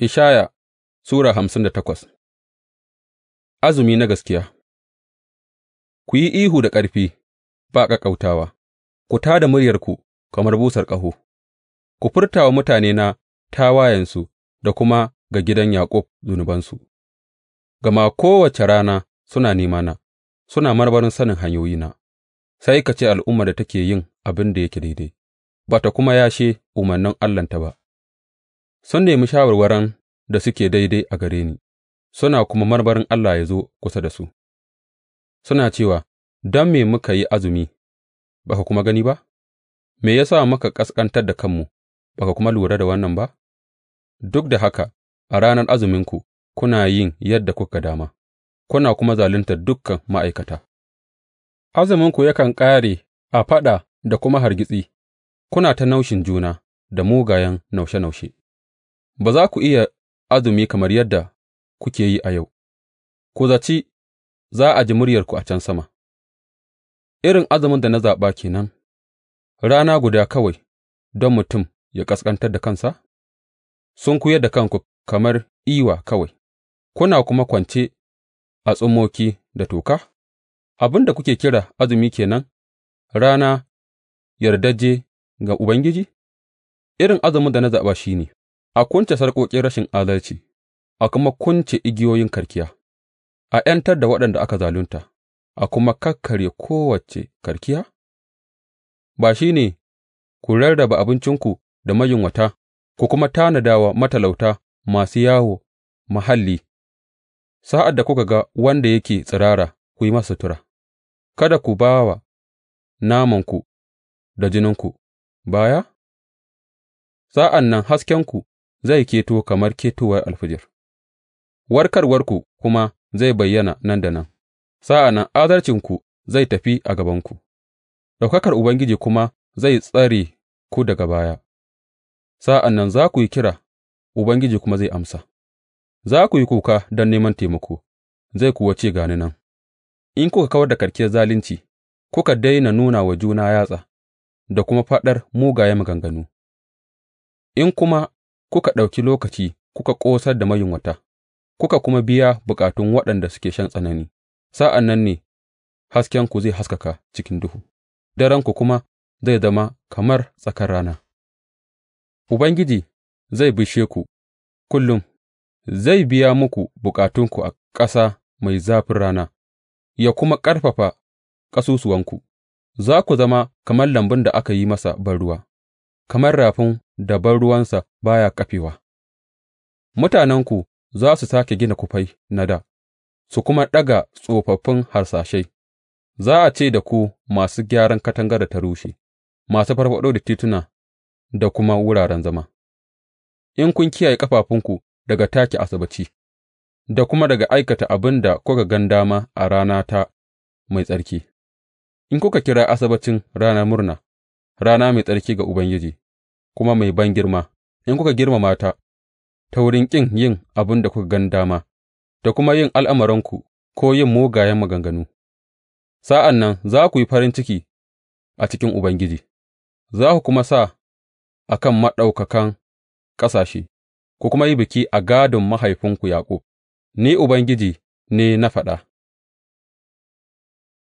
Ishaya Sura hamsin da takwas Azumi na gaskiya Ku yi ihu da ƙarfi ba ƙaƙƙautawa, ku tā da muryarku kamar busar ƙaho, ku furta wa mutanena tawayensu da kuma ga gidan Yaƙub zunubansu, gama kowace rana suna nemana, suna marmarin sanin hanyoyina, sai ka ce al'ummar da take yin abin da yake daidai, ba ta kuma yashe umarnin Allahnta ba. Sun nemi shawarwaran da suke daidai a gare ni suna kuma marmarin Allah ya zo kusa da su; suna cewa, Don me muka yi azumi, ba ka kuma gani ba, me ya sa muka ƙasƙantar da kanmu, ba ka kuma lura da wannan ba? Duk da haka a ranar azuminku kuna yin yadda kuka dama kuna kuma zaluntar dukkan ma'aikata; azuminku yakan ƙare a faɗa da kuma hargitsi, kuna ta naushin juna da mugayen naushe naushe. Ba za ku iya azumi kamar yadda kuke yi a yau; ku zaci za a ji muryarku a can sama, irin azumin da na zaɓa ke nan, rana guda kawai don mutum ya ƙasƙantar da kansa, Sun sunkuyar da kanku kamar iwa kawai, kuna kuma kwance a tsummoki da toka, abin da kuke kira azumi ke nan, rana yardajje ga Ubangiji, irin azumin da na zaɓa shi ne. a kunce sarƙoƙin rashin adalci a kuma kunce igiyoyin karkiya, a ’yantar da waɗanda aka zalunta a kuma kakkarye kowace karkiya? Ba shi ne ku rarraba abincinku da mayunwata ku kuma tanada wa matalauta masu yawo mahalli sa'ad da kuka ga wanda yake tsirara ku yi masa sutura, kada ku ba wa namanku da jininku baya? Sa'an nan haskenku zai keto kamar ketowar alfijir, warkarwarku kuma zai bayyana nan da nan, sa'an nan azarcinku zai tafi a gabanku, ɗaukakar Ubangiji kuma zai tsare ku daga baya, sa'an nan za ku yi kira, Ubangiji kuma zai amsa, za ku yi kuka don neman taimako, zai kuwa ce ga nan. In kuka kawar da karkiyar zalunci, kuka daina nuna wa juna yatsa da kuma faɗar mugayen maganganu, in kuma kuka ɗauki lokaci kuka ƙosar da mayunwata kuka kuma biya bukatun waɗanda suke shan tsanani, sa'an nan ne haskenku zai haskaka cikin duhu, darenku kuma zai zama kamar tsakar rana. Ubangiji zai bishe ku kullum, zai biya muku bukatunku a ƙasa mai zafin rana, ya kuma ƙarfafa ƙasusuwanku, za ku zama kamar lambun da aka yi masa banruwa. kamar rafin da banruwansa ba ya ƙafewa, mutanenku za su sāke gina kufai na dā su kuma ɗaga tsofaffin harsashai; za a ce da ku masu gyaran katangar da ta rushe, masu farfaɗo da tituna da kuma wuraren zama, in kun kiyaye ƙafafunku daga take Asabbaci da kuma daga aikata abin da kuka gan dama a rana ta mai tsarki, in kuka kira Asabbacin ranar murna rana mai tsarki ga Ubangiji kuma mai bangirma, in kuka girmama ta ta wurin ƙin yin abin da kuka gan dama, da kuma yin al'amuranku ko yin mugayen maganganu, sa'an nan za ku yi farin ciki a cikin Ubangiji, za ku kuma sa a kan maɗaukakan ƙasashe, ku kuma yi biki a gadon mahaifinku Yaƙub, Ni Ubangiji ne na faɗa.